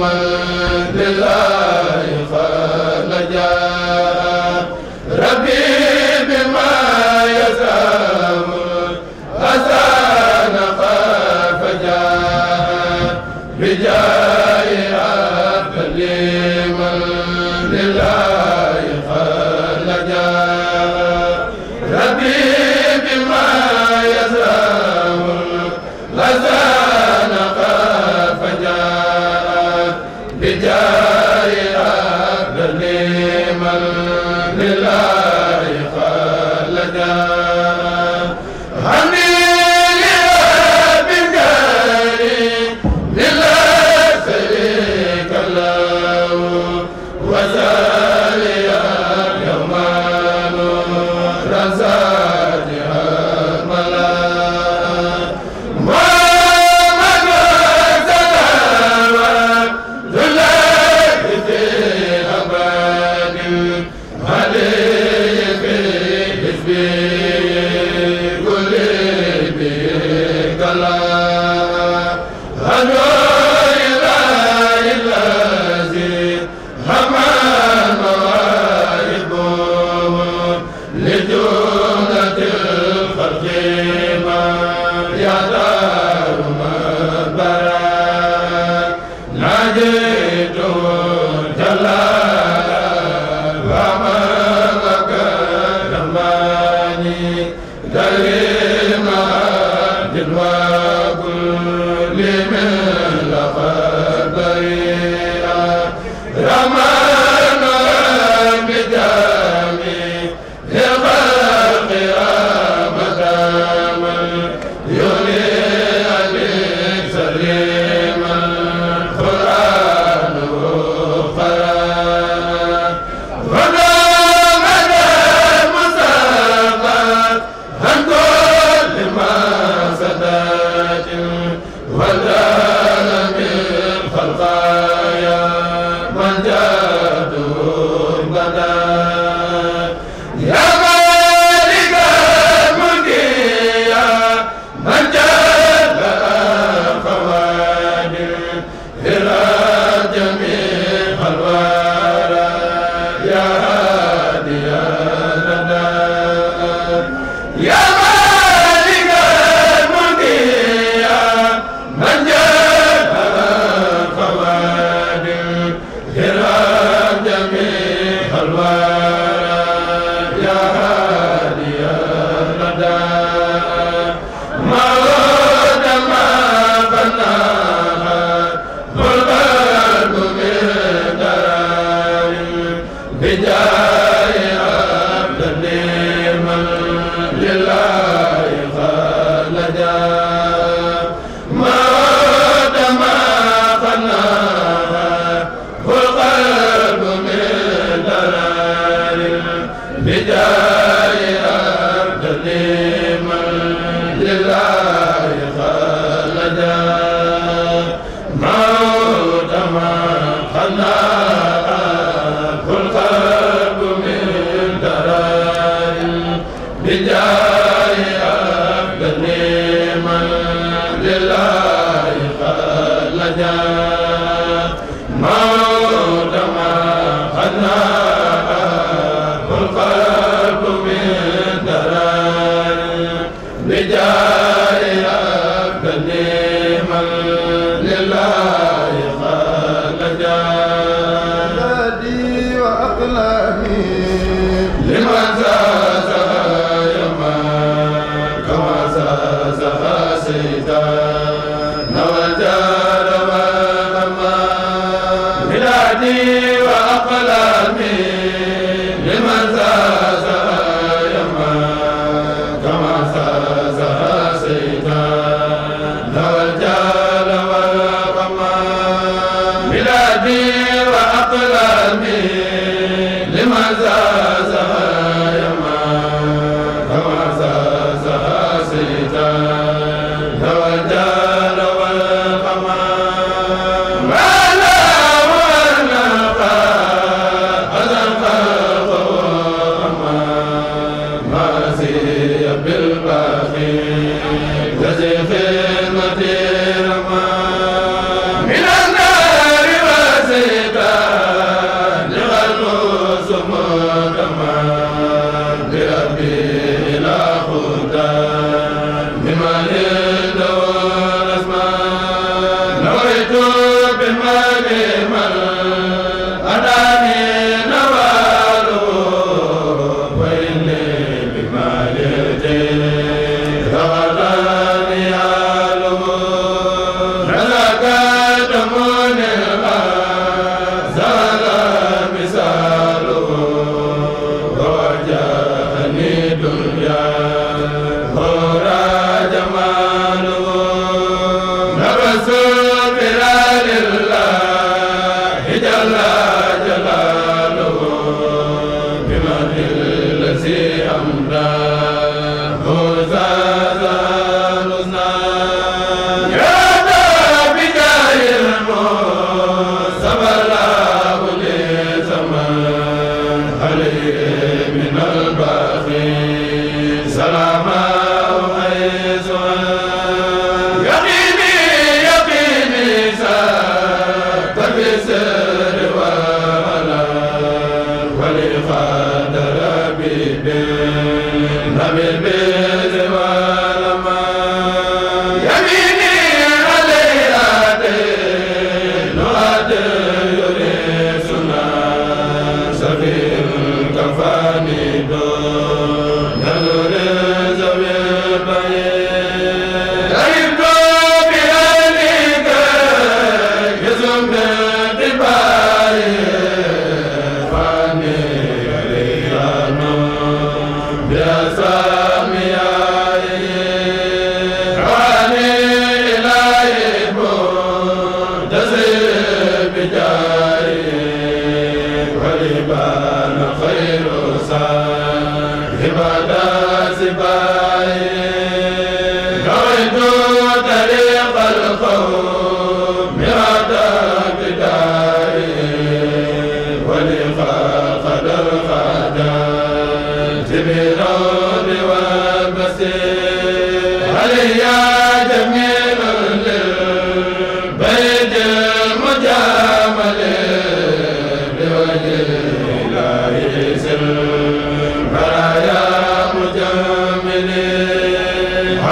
من لله Sante وأقلامي Yes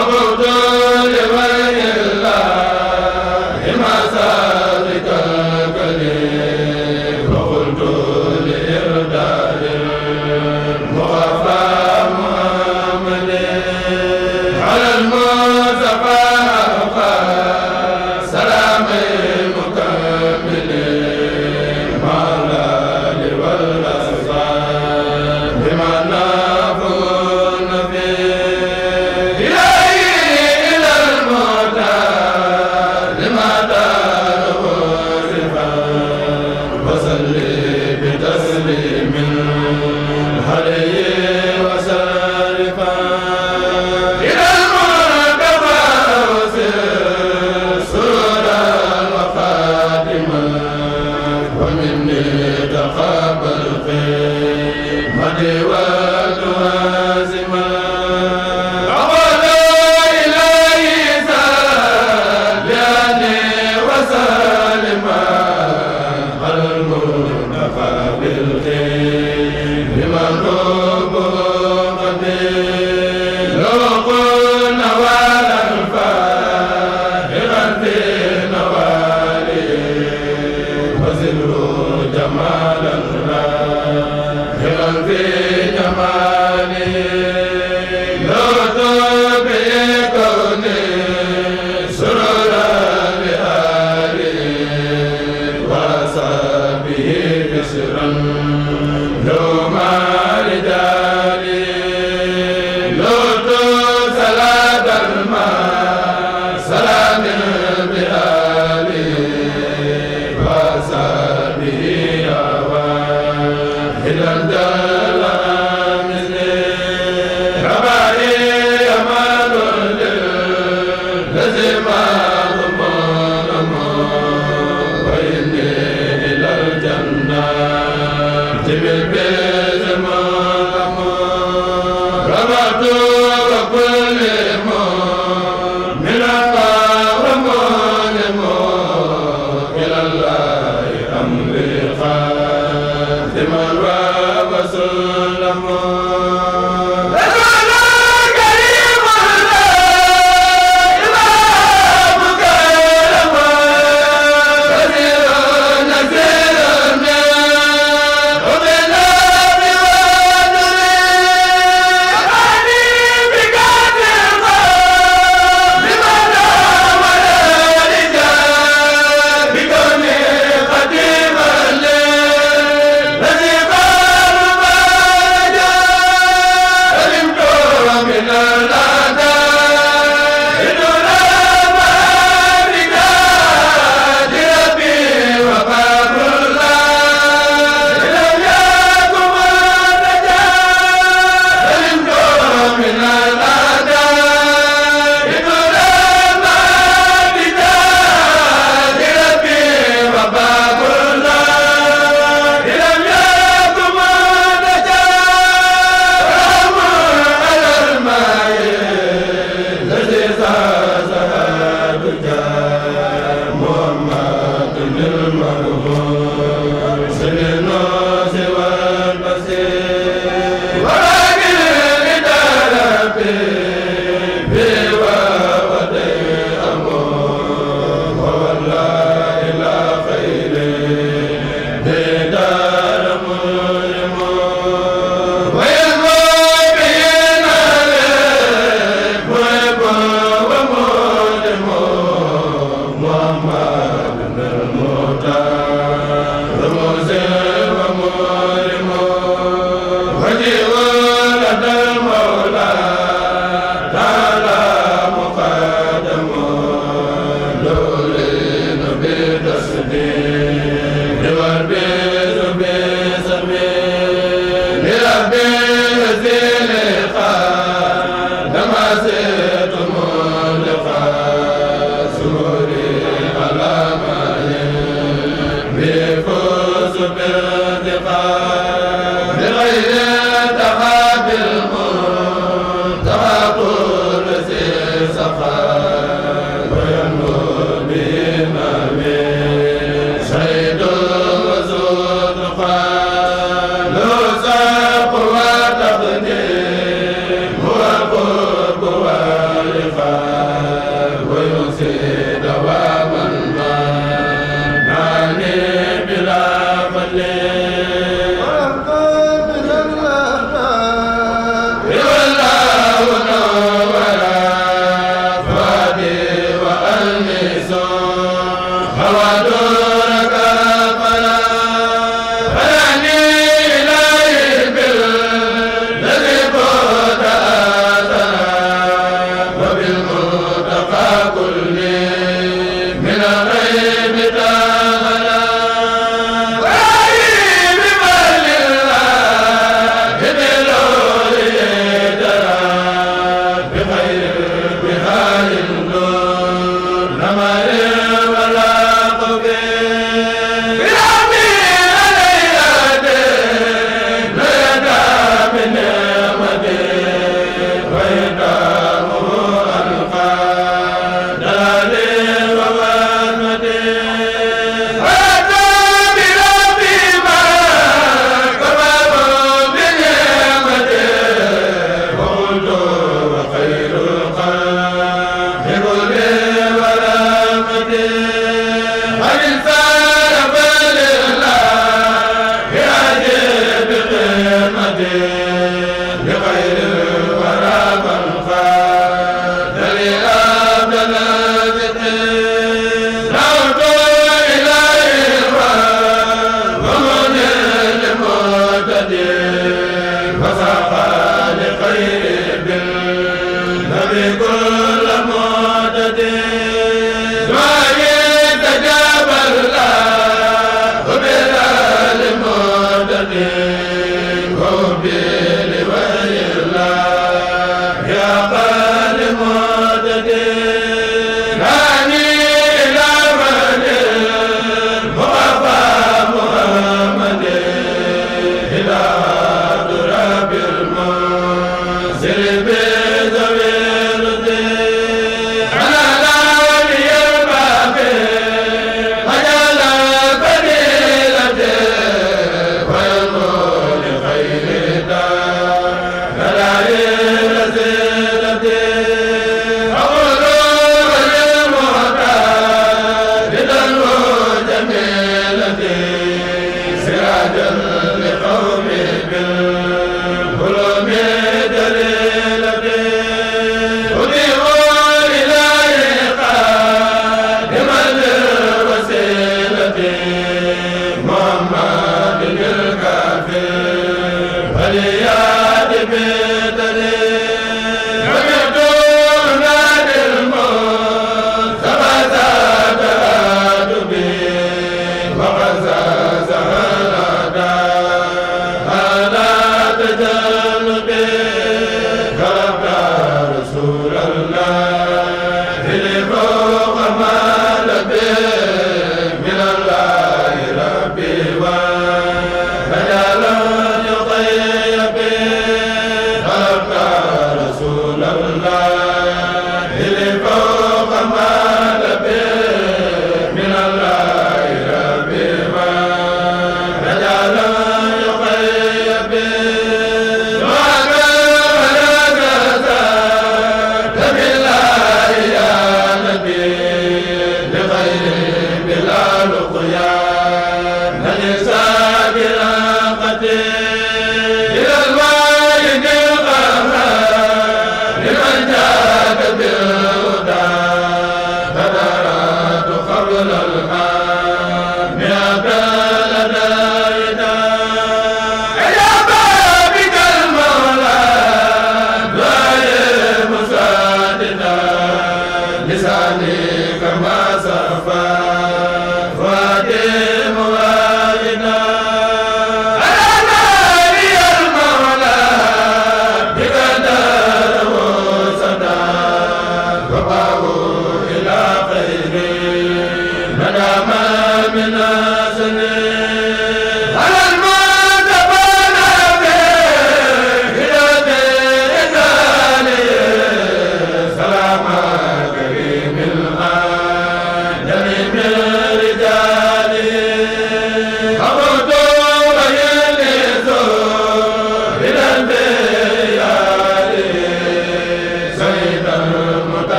waaw ave